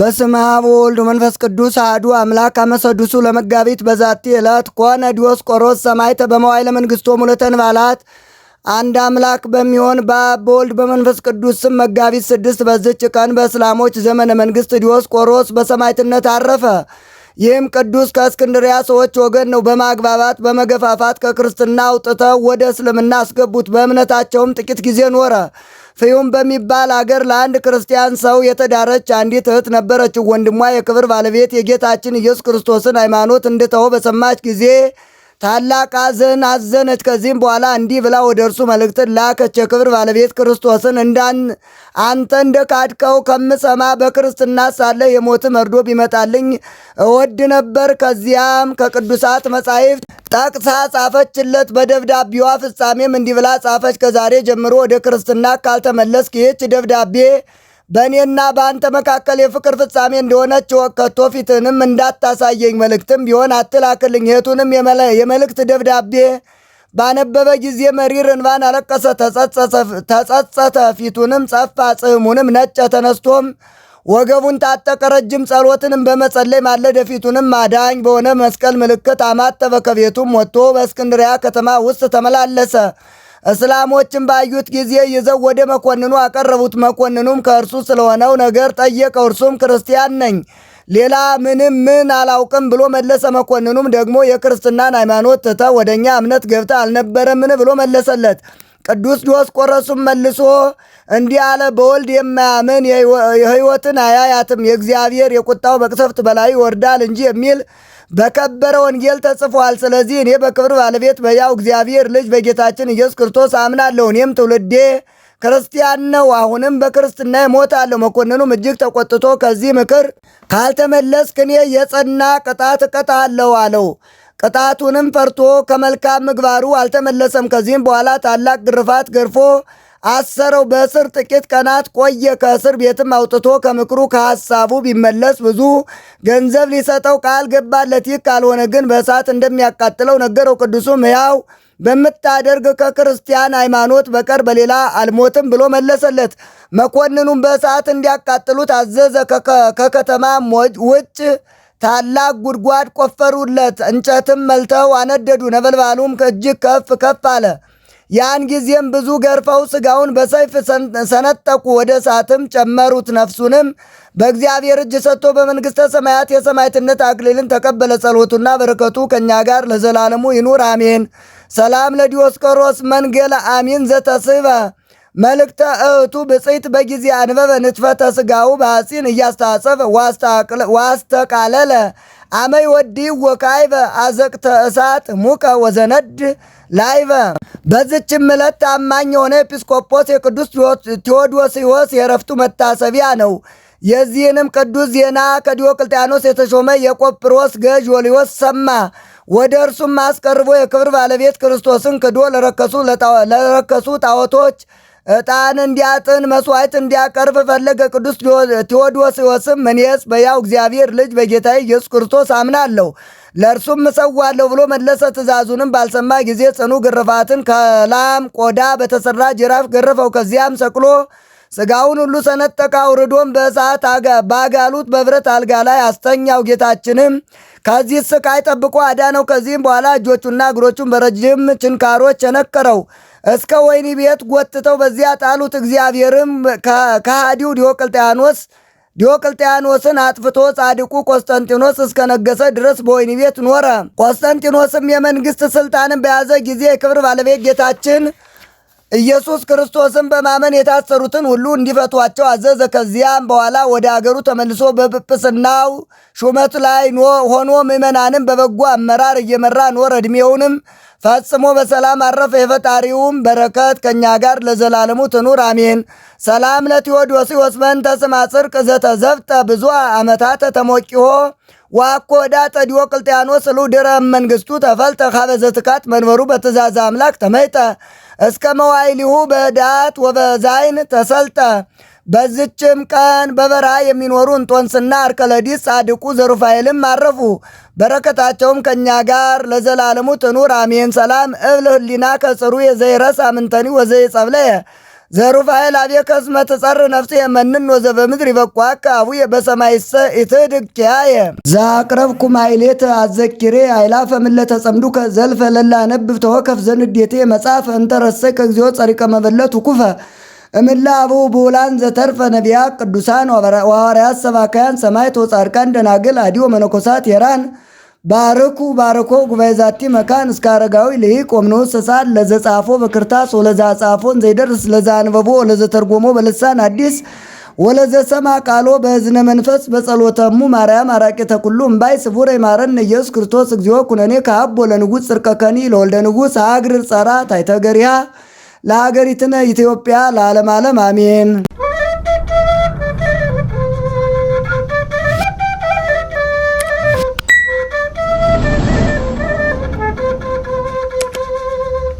በስመ አብ ወወልድ መንፈስ ቅዱስ አሐዱ አምላክ አመሰዱሱ ለመጋቢት በዛቲ ዕለት ኮነ ዲዮስቆሮስ ሰማዕተ በመዋዕለ መንግሥቱ ሙለተን ባላት አንድ አምላክ በሚሆን በአብ በወልድ በመንፈስ ቅዱስ ስም መጋቢት ስድስት በዝች ቀን በእስላሞች ዘመነ መንግሥት ዲዮስቆሮስ በሰማዕትነት አረፈ። ይህም ቅዱስ ከእስክንድሪያ ሰዎች ወገን ነው። በማግባባት በመገፋፋት ከክርስትና አውጥተው ወደ እስልምና አስገቡት። በእምነታቸውም ጥቂት ጊዜ ኖረ። ፍዩም በሚባል አገር ለአንድ ክርስቲያን ሰው የተዳረች አንዲት እህት ነበረችው። ወንድሟ የክብር ባለቤት የጌታችን ኢየሱስ ክርስቶስን ሃይማኖት እንድተው በሰማች ጊዜ ታላቅ ሐዘን አዘነች። ከዚህም በኋላ እንዲህ ብላ ወደ እርሱ መልእክትን ላከች። የክብር ባለቤት ክርስቶስን እንዳን አንተ እንደ ካድከው ከምሰማ በክርስትና ሳለ የሞት መርዶ ቢመጣልኝ እወድ ነበር። ከዚያም ከቅዱሳት መጻሕፍት ጠቅሳ ጻፈችለት። በደብዳቤዋ ፍጻሜም እንዲህ ብላ ጻፈች። ከዛሬ ጀምሮ ወደ ክርስትና ካልተመለስክ ይህች ደብዳቤ በእኔና በአንተ መካከል የፍቅር ፍጻሜ እንደሆነች እወቅ። ከቶ ፊትህንም እንዳታሳየኝ መልእክትም ቢሆን አትላክልኝ። እህቱንም የመልእክት ደብዳቤ ባነበበ ጊዜ መሪር እንባን አለቀሰ፣ ተጸጸተ፣ ፊቱንም ጸፋ፣ ጽሕሙንም ነጨ። ተነስቶም ወገቡን ታጠቀ፣ ረጅም ጸሎትንም በመጸለይ ማለደ። ፊቱንም አዳኝ በሆነ መስቀል ምልክት አማተበ። ከቤቱም ወጥቶ በእስክንድሪያ ከተማ ውስጥ ተመላለሰ። እስላሞችን ባዩት ጊዜ ይዘው ወደ መኮንኑ አቀረቡት። መኮንኑም ከእርሱ ስለሆነው ነገር ጠየቀው። እርሱም ክርስቲያን ነኝ ሌላ ምንም ምን አላውቅም ብሎ መለሰ። መኮንኑም ደግሞ የክርስትናን ሃይማኖት ትተህ ወደ እኛ እምነት ገብተህ አልነበረምን ብሎ መለሰለት። ቅዱስ ቆረሱም መልሶ እንዲህ አለ። በወልድ የማያምን የሕይወትን አያያትም የእግዚአብሔር የቁጣው መቅሰፍት በላይ ይወርዳል እንጂ የሚል በከበረ ወንጌል ተጽፏል። ስለዚህ እኔ በክብር ባለቤት በያው እግዚአብሔር ልጅ በጌታችን ኢየሱስ ክርስቶስ አምናለሁ። እኔም ትውልዴ ክርስቲያን ነው። አሁንም በክርስትና እሞታለሁ። መኮንኑም እጅግ ተቆጥቶ ከዚህ ምክር ካልተመለስክ እኔ የጸና ቅጣት እቀጣለሁ አለው። ቅጣቱንም ፈርቶ ከመልካም ምግባሩ አልተመለሰም። ከዚህም በኋላ ታላቅ ግርፋት ገርፎ አሰረው። በእስር ጥቂት ቀናት ቆየ። ከእስር ቤትም አውጥቶ ከምክሩ ከሐሳቡ ቢመለስ ብዙ ገንዘብ ሊሰጠው ቃል ገባለት። ይህ ካልሆነ ግን በእሳት እንደሚያቃጥለው ነገረው። ቅዱሱም ሕያው በምታደርግ ከክርስቲያን ሃይማኖት በቀር በሌላ አልሞትም ብሎ መለሰለት። መኮንኑም በእሳት እንዲያቃጥሉት አዘዘ። ከከተማ ውጭ ታላቅ ጉድጓድ ቆፈሩለት፣ እንጨትም መልተው አነደዱ። ነበልባሉም እጅግ ከፍ ከፍ አለ። ያን ጊዜም ብዙ ገርፈው ስጋውን በሰይፍ ሰነጠቁ፣ ወደ እሳትም ጨመሩት። ነፍሱንም በእግዚአብሔር እጅ ሰጥቶ በመንግሥተ ሰማያት የሰማዕትነት አክሊልን ተቀበለ። ጸሎቱና በረከቱ ከእኛ ጋር ለዘላለሙ ይኑር አሜን። ሰላም ለዲዮስቆሮስ መንገለ አሚን ዘተስበ መልእክተ እህቱ ብፅይት በጊዜ አንበበ ንትፈተ ስጋው ባፂን እያስተጸፈ ዋስተቃለለ አመይ ወዲ ወካይበ አዘቅተ እሳት ሙቀ ወዘነድ ላይበ። በዝችም ዕለት ታማኝ የሆነ ኤጲስቆጶስ የቅዱስ ቴዎዶስዮስ የረፍቱ መታሰቢያ ነው። የዚህንም ቅዱስ ዜና ከዲዮቅልጥያኖስ የተሾመ የቆጵሮስ ገዥ ወልዮስ ሰማ። ወደ እርሱም አስቀርቦ የክብር ባለቤት ክርስቶስን ክዶ ለረከሱ ጣዖቶች ዕጣን እንዲያጥን መስዋዕት እንዲያቀርብ ፈለገ። ቅዱስ ቴዎዶስዮስም እኔስ በያው እግዚአብሔር ልጅ በጌታ ኢየሱስ ክርስቶስ አምናለሁ ለእርሱም እሰዋለሁ ብሎ መለሰ። ትእዛዙንም ባልሰማ ጊዜ ጽኑ ግርፋትን ከላም ቆዳ በተሰራ ጅራፍ ገረፈው። ከዚያም ሰቅሎ ስጋውን ሁሉ ሰነጠቀ። አውርዶም በእሳት ባጋሉት በብረት አልጋ ላይ አስተኛው። ጌታችንም ከዚህ ስቃይ ጠብቆ አዳነው። ከዚህም በኋላ እጆቹና እግሮቹን በረጅም ችንካሮች ቸነከረው። እስከ ወይኒ ቤት ጎትተው በዚያ ጣሉት። እግዚአብሔርም ከሃዲው ዲዮቅልጥያኖስ ዲዮቅልጥያኖስን አጥፍቶ ጻድቁ ቆስጠንጢኖስ እስከ ነገሰ ድረስ በወይኒ ቤት ኖረ። ቆስጠንጢኖስም የመንግሥት ሥልጣንን በያዘ ጊዜ የክብር ባለቤት ጌታችን ኢየሱስ ክርስቶስን በማመን የታሰሩትን ሁሉ እንዲፈቷቸው አዘዘ። ከዚያም በኋላ ወደ አገሩ ተመልሶ በጵጵስናው ሹመት ላይ ሆኖ ምእመናንም በበጎ አመራር እየመራ ኖር። ዕድሜውንም ፈጽሞ በሰላም አረፈ። የፈጣሪውም በረከት ከእኛ ጋር ለዘላለሙ ትኑር አሜን። ሰላም ለቴዎዶስዮስ መንተ ስማ ጽድቅ ዘተዘብጠ ብዙ ዓመታት ተሞቂሆ ዋኮዳ ዲዮቅልጥያኖስ ስሉ ድረ መንግስቱ ተፈልጠ ኀበ ዘትካት መንበሩ በትእዛዝ አምላክ ተመይጠ እስከ መዋይሊሁ በዳት ወበዛይን ተሰልጠ። በዝችም ቀን በበረሃ የሚኖሩ እንጦንስና አርከለዲስ ጻድቁ ዘሩፋኤልም አረፉ። በረከታቸውም ከእኛ ጋር ለዘላለሙ ትኑር አሜን። ሰላም እብል ህሊና ከጽሩ የዘይረስ አምንተኒ ወዘይ ጸብለየ ዘሩፋኤል አቤከስ መትጸር ነፍሴ የመንን ወዘ በምድር ይበቋከ አቡየ በሰማይ ኢትድቅ ዘአቅረብኩ ማይሌት አዘኪሬ አይላፈ ምለ ከዘልፈ ለላ ነብብ ተወከፍ ዘንዴቴ መጽሐፈ እንተረሰ እግዚኦ ጸሪቀ መበለት ኩፈ እምላ አቡ ቡላን ዘተርፈ ነቢያ ቅዱሳን ወሐዋርያት ሰባካያን ሰማዕት ወጻድቃን ደናግል አዲዮ መነኮሳት የራን ባርኩ ባርኮ ጉባኤ ዛቲ መካን እስከ አረጋዊ ልሂ ወምንዑስ ሰሳን ለዘ ጻፎ በክርታስ ወለዛ ጻፎን ዘይደርስ ለዛ አንበቦ በልሳን አዲስ ወለዘ ሰማ ቃሎ በእዝነ መንፈስ በጸሎተሙ ማርያም አራቂ ተኩሉ እምባይ ስቡረ ይማረን ኢየሱስ ክርስቶስ እግዚኦ ኩነኔ ከአብ ወለንጉሥ ጽርቀከኒ ለወልደ ንጉሥ አግርር ጸራ ታይተገሪያ ለሀገሪትነ ኢትዮጵያ ለዓለም ዓለም አሜን።